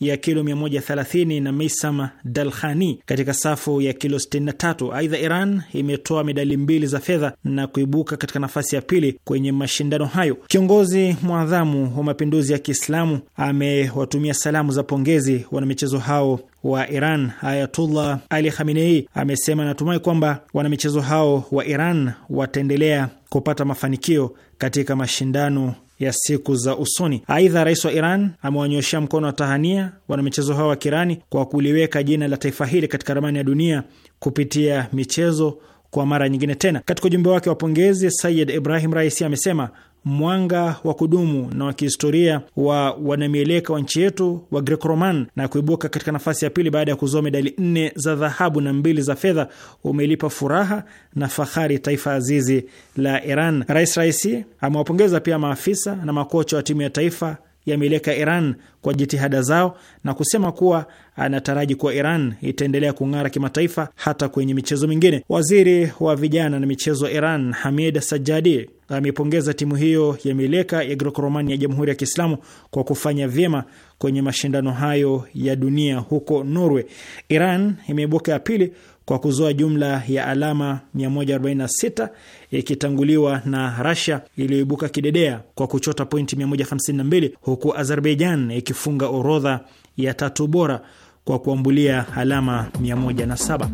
ya kilo 130 na Meisam Dalkhani katika safu ya kilo 63. Aidha, Iran imetoa medali mbili za fedha na kuibuka katika nafasi ya pili kwenye mashindano hayo. Kiongozi mwadhamu wa mapinduzi ya Kiislamu amewatumia salamu za pongezi wanamichezo hao wa Iran. Ayatullah Ali Khamenei amesema anatumai kwamba wanamichezo hao wa Iran wataendelea kupata mafanikio katika mashindano ya siku za usoni. Aidha, rais wa Iran amewanyoshea mkono wa tahania wanamichezo hao wa Kirani kwa kuliweka jina la taifa hili katika ramani ya dunia kupitia michezo kwa mara nyingine tena. Katika ujumbe wake wa pongezi, Sayid Ibrahim Raisi amesema mwanga wa kudumu na wa kihistoria wa wanamieleka wa nchi yetu wa Greco-Roman na kuibuka katika nafasi ya pili baada ya kuzoa medali nne za dhahabu na mbili za fedha umelipa furaha na fahari taifa azizi la Iran. Rais Raisi amewapongeza pia maafisa na makocha wa timu ya taifa yameiweka Iran kwa jitihada zao na kusema kuwa anataraji kuwa Iran itaendelea kung'ara kimataifa hata kwenye michezo mingine. Waziri wa vijana na michezo wa Iran Hamid sajadi amepongeza timu hiyo ya mieleka ya Grokoroman ya Jamhuri ya Kiislamu kwa kufanya vyema kwenye mashindano hayo ya dunia huko Norway. Iran imeibuka ya pili kwa kuzoa jumla ya alama 146 ikitanguliwa na Rasia iliyoibuka kidedea kwa kuchota pointi 152 huku Azerbaijan ikifunga orodha ya tatu bora kwa kuambulia alama 107.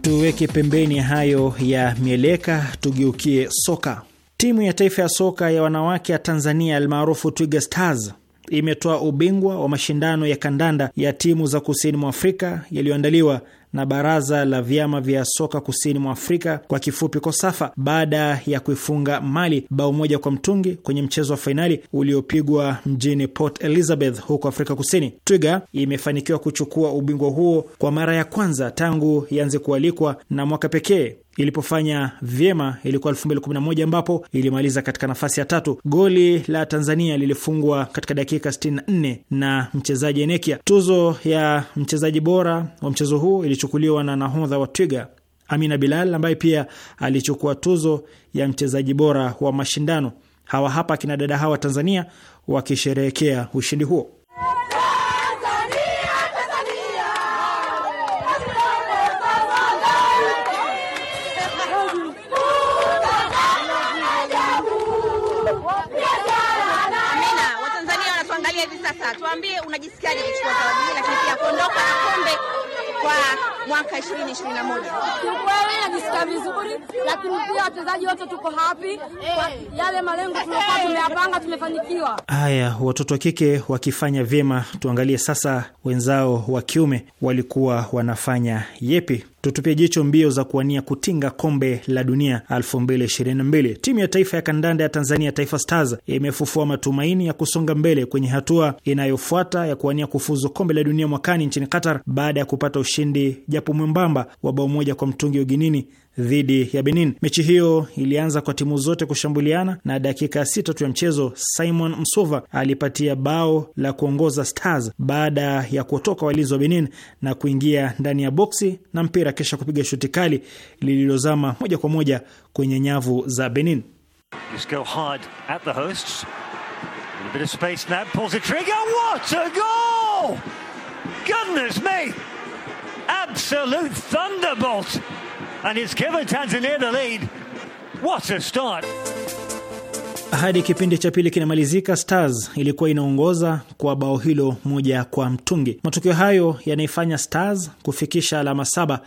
Tuweke pembeni hayo ya mieleka, tugeukie soka. Timu ya taifa ya soka ya wanawake ya Tanzania almaarufu Twiga Stars imetoa ubingwa wa mashindano ya kandanda ya timu za kusini mwa Afrika yaliyoandaliwa na baraza la vyama vya soka kusini mwa Afrika kwa kifupi KOSAFA baada ya kuifunga Mali bao moja kwa mtungi kwenye mchezo wa fainali uliopigwa mjini Port Elizabeth huko Afrika Kusini. Twiga imefanikiwa kuchukua ubingwa huo kwa mara ya kwanza tangu ianze kualikwa na mwaka pekee ilipofanya vyema ilikuwa 2011 ambapo ilimaliza katika nafasi ya tatu. Goli la Tanzania lilifungwa katika dakika 64 na mchezaji Enekia. Tuzo ya mchezaji bora wa mchezo huu ilichukuliwa na nahodha wa Twiga Amina Bilal ambaye pia alichukua tuzo ya mchezaji bora wa mashindano. Hawa hapa akina dada hawa Tanzania wakisherehekea ushindi huo. najisikiaje kuchukua zawadi hii, lakini pia kuondoka na kombe kwa mwaka 2021. Kiukweli najisikia vizuri, lakini pia wachezaji wote tuko hapi kwa yale malengo tuliokuwa tumeyapanga tumefanikiwa. Haya, watoto wa kike wakifanya vyema, tuangalie sasa wenzao wa kiume walikuwa wanafanya yepi tutupia jicho mbio za kuwania kutinga kombe la dunia 2022. Timu ya taifa ya kandanda ya Tanzania, Taifa Stars, imefufua matumaini ya kusonga mbele kwenye hatua inayofuata ya kuwania kufuzu kombe la dunia mwakani nchini Qatar baada ya kupata ushindi japo mwembamba wa bao moja kwa mtungi Uginini dhidi ya Benin. Mechi hiyo ilianza kwa timu zote kushambuliana na dakika ya sita tu ya mchezo Simon Msuva alipatia bao la kuongoza Stars baada ya kuotoka walinzi wa Benin na kuingia ndani ya boksi na mpira kisha kupiga shuti kali lililozama moja kwa moja kwenye nyavu za Benin and it's given Tanzania the lead. What a start! Hadi kipindi cha pili kinamalizika, Stars ilikuwa inaongoza kwa bao hilo moja kwa mtungi. Matokeo hayo yanaifanya Stars kufikisha alama saba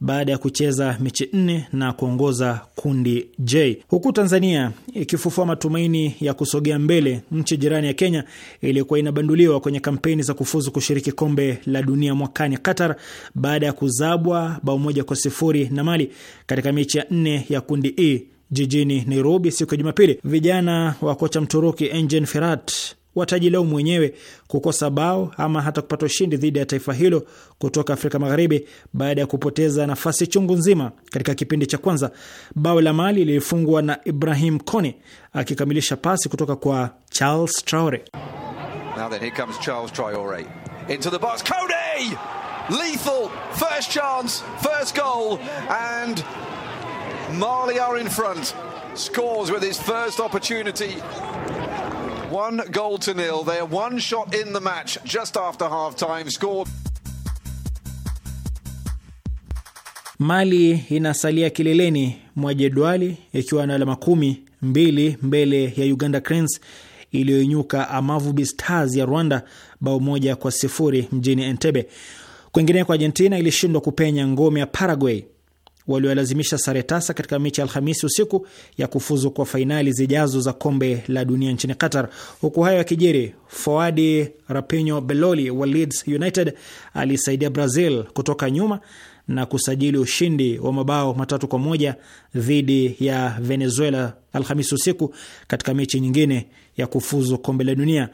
baada ya kucheza mechi nne na kuongoza kundi J, huku Tanzania ikifufua matumaini ya kusogea mbele. Nchi jirani ya Kenya iliyokuwa inabanduliwa kwenye kampeni za kufuzu kushiriki kombe la dunia mwakani Qatar, baada ya kuzabwa bao moja kwa sifuri na Mali katika mechi ya nne ya kundi E jijini Nairobi siku ya Jumapili, vijana wa kocha Mturuki Engen Firat watajilaumu mwenyewe kukosa bao ama hata kupata ushindi dhidi ya taifa hilo kutoka Afrika Magharibi baada ya kupoteza nafasi chungu nzima katika kipindi cha kwanza. Bao la Mali lilifungwa na Ibrahim Kone akikamilisha pasi kutoka kwa Charles Traore. Now then, here comes Charles Traore. Into the box. Kone! Lethal. First chance, first goal and Mali are in front. Scores with his first opportunity. One goal to nil. They're one shot in the match just after half time. Scored. Mali inasalia kileleni mwa jedwali ikiwa na alama kumi, mbili mbele ya Uganda Cranes iliyoinyuka Amavubi Stars ya Rwanda bao moja kwa sifuri mjini Entebbe. Kwingine kwa Argentina ilishindwa kupenya ngome ya Paraguay waliolazimisha sare tasa katika mechi ya Alhamisi usiku ya kufuzu kwa fainali zijazo za kombe la dunia nchini Qatar. Huku hayo yakijiri, Foadi Rapinho Beloli wa Leeds United alisaidia Brazil kutoka nyuma na kusajili ushindi wa mabao matatu kwa moja dhidi ya Venezuela Alhamisi usiku katika mechi nyingine ya kufuzu kombe la dunia.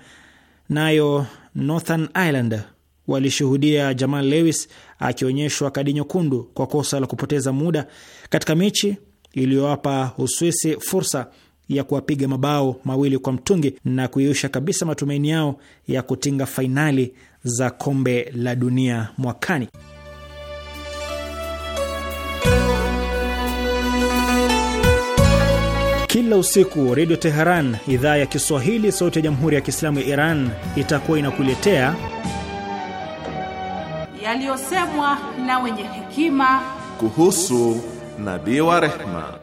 Nayo Northern Ireland walishuhudia Jamal Lewis akionyeshwa kadi nyekundu kwa kosa la kupoteza muda katika mechi iliyowapa Uswisi fursa ya kuwapiga mabao mawili kwa mtungi na kuiusha kabisa matumaini yao ya kutinga fainali za kombe la dunia mwakani. Kila usiku Redio Teheran idhaa ya Kiswahili, sauti ya Jamhuri ya Kiislamu ya Iran itakuwa inakuletea yaliyosemwa na wenye hekima kuhusu nabii wa rehma.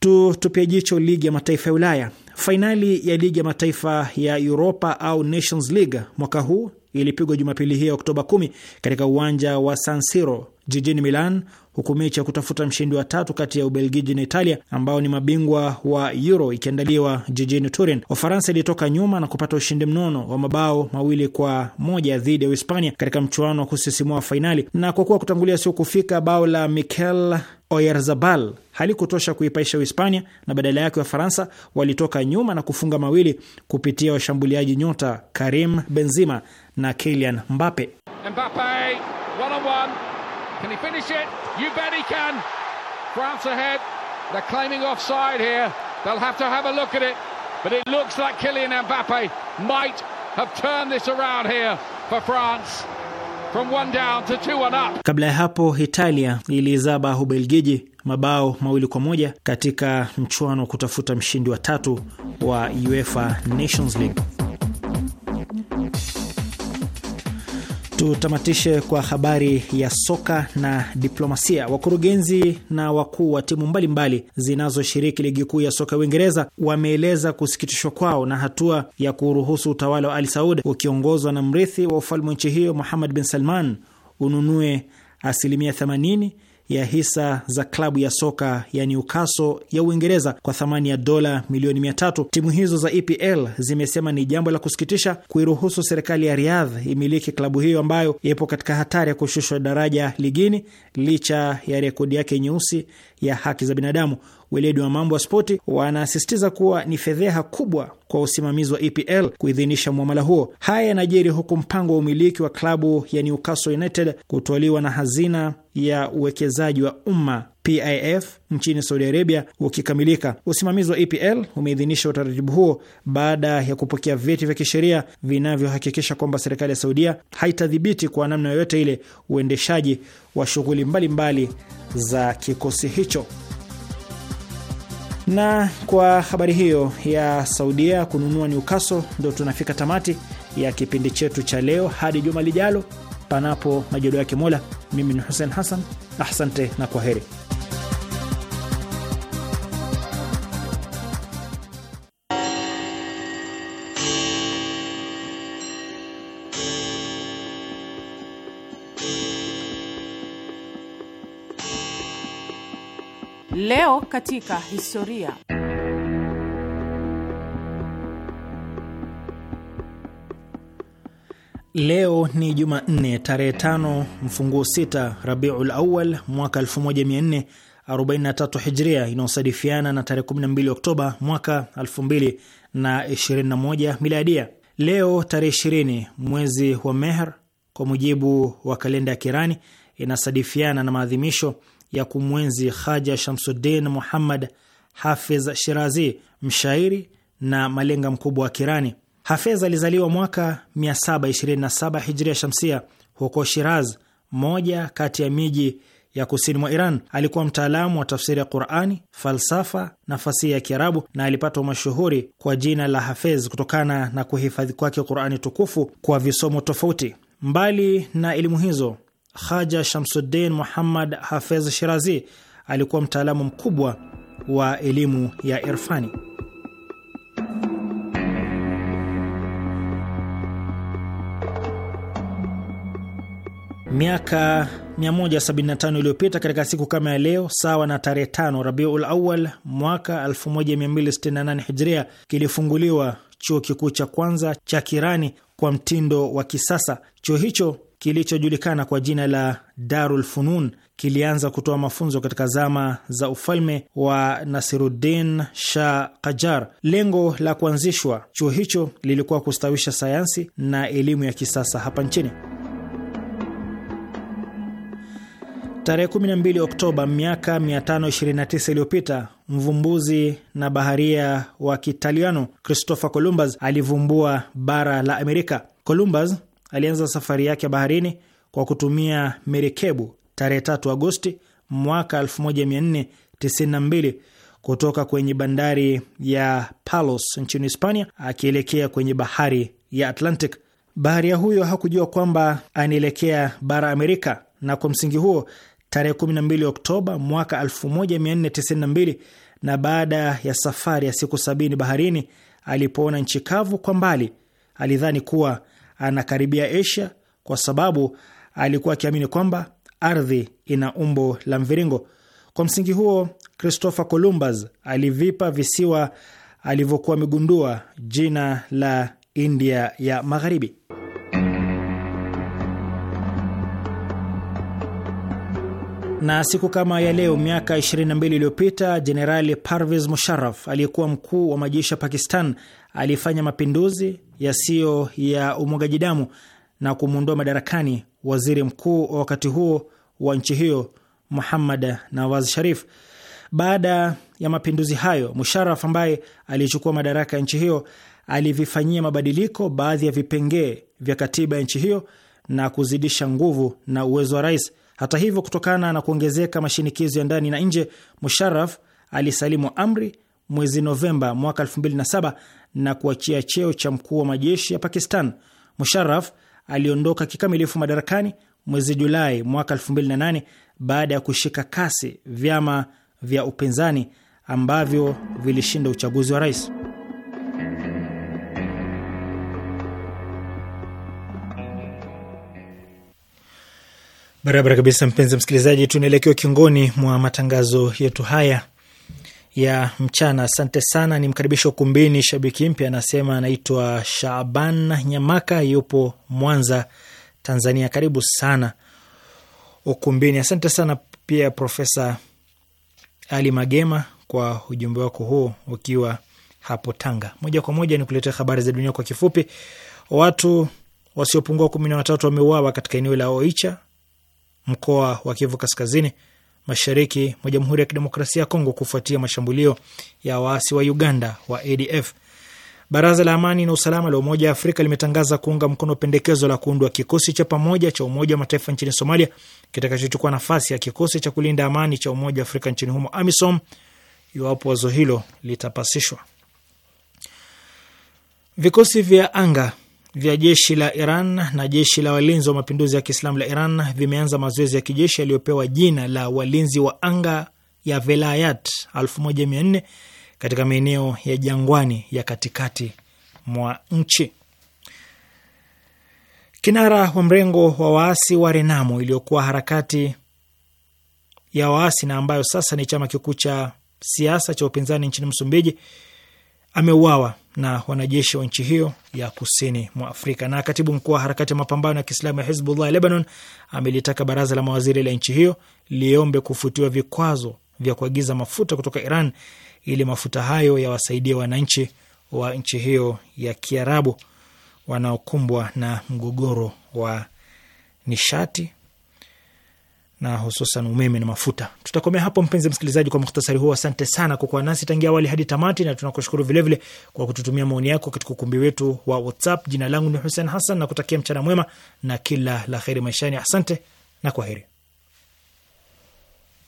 Tutupie jicho ligi ya mataifa ya Ulaya. Fainali ya ligi ya mataifa ya uropa au Nations League mwaka huu ilipigwa Jumapili hii ya Oktoba 10 katika uwanja wa San Siro jijini Milan huku mechi ya kutafuta mshindi wa tatu kati ya Ubelgiji na Italia ambao ni mabingwa wa Euro ikiandaliwa jijini Turin. Ufaransa ilitoka nyuma na kupata ushindi mnono wa mabao mawili kwa moja dhidi ya Uhispania katika mchuano wa kusisimua wa fainali, na kwa kuwa kutangulia sio kufika, bao la Mikel Oyarzabal halikutosha kuipaisha Uhispania na badala yake Wafaransa walitoka nyuma na kufunga mawili kupitia washambuliaji nyota Karim Benzema na Kylian Mbappe. Mbappe, one on one. Can he finish it? You bet he can. France ahead. They're claiming offside here. They'll have to have a look at it. But it looks like Kylian Mbappe might have turned this around here for France. From one down to two and up. Kabla ya hapo Italia ilizaba Ubelgiji mabao mawili kwa moja katika mchuano wa kutafuta mshindi wa tatu wa UEFA Nations League. Tutamatishe kwa habari ya soka na diplomasia. Wakurugenzi na wakuu wa timu mbalimbali zinazoshiriki ligi kuu ya soka ya Uingereza wameeleza kusikitishwa kwao na hatua ya kuruhusu utawala wa Al Saud ukiongozwa na mrithi wa ufalme wa nchi hiyo Muhammad bin Salman ununue asilimia 80 ya hisa za klabu ya soka ya Newcastle ya Uingereza kwa thamani ya dola milioni mia tatu. Timu hizo za EPL zimesema ni jambo la kusikitisha kuiruhusu serikali ya Riyadh imiliki klabu hiyo ambayo ipo katika hatari ya kushushwa daraja ligini licha ya rekodi yake nyeusi ya haki za binadamu weledi wa mambo ya spoti wanasisitiza kuwa ni fedheha kubwa kwa usimamizi wa EPL kuidhinisha mwamala huo. Haya yanajiri huku mpango wa umiliki wa klabu ya Newcastle United kutwaliwa na hazina ya uwekezaji wa umma PIF nchini Saudi Arabia ukikamilika. Usimamizi wa EPL umeidhinisha utaratibu huo baada ya kupokea vyeti vya kisheria vinavyohakikisha kwamba serikali ya Saudia haitadhibiti kwa namna yoyote ile uendeshaji wa shughuli mbalimbali za kikosi hicho. Na kwa habari hiyo ya Saudia kununua Newcastle, ndo tunafika tamati ya kipindi chetu cha leo. Hadi juma lijalo, panapo majodo yake Mola, mimi ni Hussein Hassan, asante na kwa heri. Leo katika historia. Leo ni Jumanne tarehe tano mfunguo sita Rabiul Awal mwaka 1443 Hijria, inayosadifiana na tarehe 12 Oktoba mwaka 2021 Miladia. Leo tarehe ishirini mwezi wa Mehr kwa mujibu wa kalenda ya Kirani inasadifiana na maadhimisho ya kumwenzi Haja Shamsuddin Muhammad Hafiz Shirazi, mshairi na malenga mkubwa wa Kirani. Hafez alizaliwa mwaka 727 hijria shamsia huko Shiraz, moja kati ya miji ya kusini mwa Iran. Alikuwa mtaalamu wa tafsiri ya Qurani, falsafa na fasihi ya Kiarabu, na alipata mashuhuri kwa jina la Hafez kutokana na kuhifadhi kwake Qurani tukufu kwa visomo tofauti. Mbali na elimu hizo Haja Shamsuddin Muhammad Hafez Shirazi alikuwa mtaalamu mkubwa wa elimu ya irfani. Miaka 175 iliyopita katika siku kama ya leo, sawa na tarehe 5 Rabiul Awal mwaka 1268 Hijria, kilifunguliwa chuo kikuu cha kwanza cha Kirani kwa mtindo wa kisasa. Chuo hicho kilichojulikana kwa jina la Darul Funun kilianza kutoa mafunzo katika zama za ufalme wa Nasiruddin Shah Qajar. Lengo la kuanzishwa chuo hicho lilikuwa kustawisha sayansi na elimu ya kisasa hapa nchini. Tarehe 12 Oktoba miaka 529 iliyopita mvumbuzi na baharia wa Kitaliano Christopher Columbus alivumbua bara la Amerika. Columbus alianza safari yake baharini kwa kutumia merikebu tarehe 3 Agosti mwaka 1492 kutoka kwenye bandari ya Palos nchini Hispania akielekea kwenye bahari ya Atlantic. Baharia huyo hakujua kwamba anaelekea bara Amerika, na kwa msingi huo tarehe 12 Oktoba mwaka 1492 na baada ya safari ya siku sabini baharini, alipoona nchi kavu kwa mbali, alidhani kuwa anakaribia Asia kwa sababu alikuwa akiamini kwamba ardhi ina umbo la mviringo. Kwa msingi huo, Christopher Columbus alivipa visiwa alivyokuwa amegundua jina la India ya Magharibi. Na siku kama ya leo miaka 22 iliyopita Jenerali Parvez Musharraf aliyekuwa mkuu wa majeshi ya Pakistan alifanya mapinduzi yasiyo ya umwagaji damu na kumwondoa madarakani waziri mkuu wa wakati huo wa nchi hiyo Muhammad Nawaz Sharif. Baada ya mapinduzi hayo, Musharaf ambaye alichukua madaraka ya nchi hiyo alivifanyia mabadiliko baadhi ya vipengee vya katiba ya nchi hiyo na kuzidisha nguvu na uwezo wa rais. Hata hivyo, kutokana na kuongezeka mashinikizo ya ndani na nje, Musharaf alisalimu amri mwezi Novemba mwaka 2007 na kuachia cheo cha mkuu wa majeshi ya Pakistan. Musharraf aliondoka kikamilifu madarakani mwezi Julai mwaka 2008 baada ya kushika kasi vyama vya upinzani ambavyo vilishinda uchaguzi wa rais. Barabara kabisa, mpenzi msikilizaji, tunaelekewa kiongoni mwa matangazo yetu haya ya mchana. Asante sana, ni mkaribisho ukumbini shabiki mpya, anasema anaitwa shaban Nyamaka, yupo Mwanza, Tanzania. Karibu sana ukumbini. Asante sana pia Profesa Ali Magema kwa ujumbe wako huo ukiwa hapo Tanga. Moja kwa moja ni kuletea habari za dunia kwa kifupi. Watu wasiopungua kumi na watatu wameuawa katika eneo la Oicha, mkoa wa Kivu Kaskazini mashariki mwa Jamhuri ya Kidemokrasia ya Kongo kufuatia mashambulio ya waasi wa Uganda wa ADF. Baraza la Amani na Usalama la Umoja wa Afrika limetangaza kuunga mkono pendekezo la kuundwa kikosi cha pamoja cha Umoja wa Mataifa nchini Somalia kitakachochukua nafasi ya kikosi cha kulinda amani cha Umoja wa Afrika nchini humo, AMISOM, iwapo wazo hilo litapasishwa. Vikosi vya anga vya jeshi la Iran na jeshi la walinzi wa mapinduzi ya Kiislamu la Iran vimeanza mazoezi ya kijeshi yaliyopewa jina la walinzi wa anga ya Velayat 1400 katika maeneo ya jangwani ya katikati mwa nchi. Kinara wa mrengo wa waasi wa Renamo iliyokuwa harakati ya waasi na ambayo sasa ni chama kikuu cha siasa cha upinzani nchini Msumbiji ameuawa na wanajeshi wa nchi hiyo ya kusini mwa Afrika. Na katibu mkuu wa harakati ya mapambano ya Kiislamu ya Hizbullah Lebanon amelitaka baraza la mawaziri la nchi hiyo liombe kufutiwa vikwazo vya kuagiza mafuta kutoka Iran ili mafuta hayo yawasaidie wananchi wa nchi hiyo ya Kiarabu wanaokumbwa na mgogoro wa nishati na hususan umeme na mafuta. Tutakomea hapo mpenzi msikilizaji, kwa muhtasari huo. Asante sana kwa kuwa nasi tangia awali hadi tamati, na tunakushukuru vilevile kwa kututumia maoni yako katika ukumbi wetu wa WhatsApp. Jina langu ni Hussein Hassan na kutakia mchana mwema na kila la heri maishani. Asante na kwa heri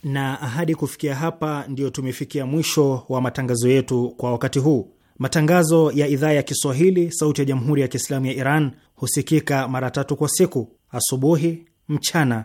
na ahadi. Kufikia hapa, ndiyo tumefikia mwisho wa matangazo yetu kwa wakati huu. Matangazo ya idhaa ya Kiswahili sauti ya jamhuri ya Kiislamu ya Iran husikika mara tatu kwa siku: asubuhi, mchana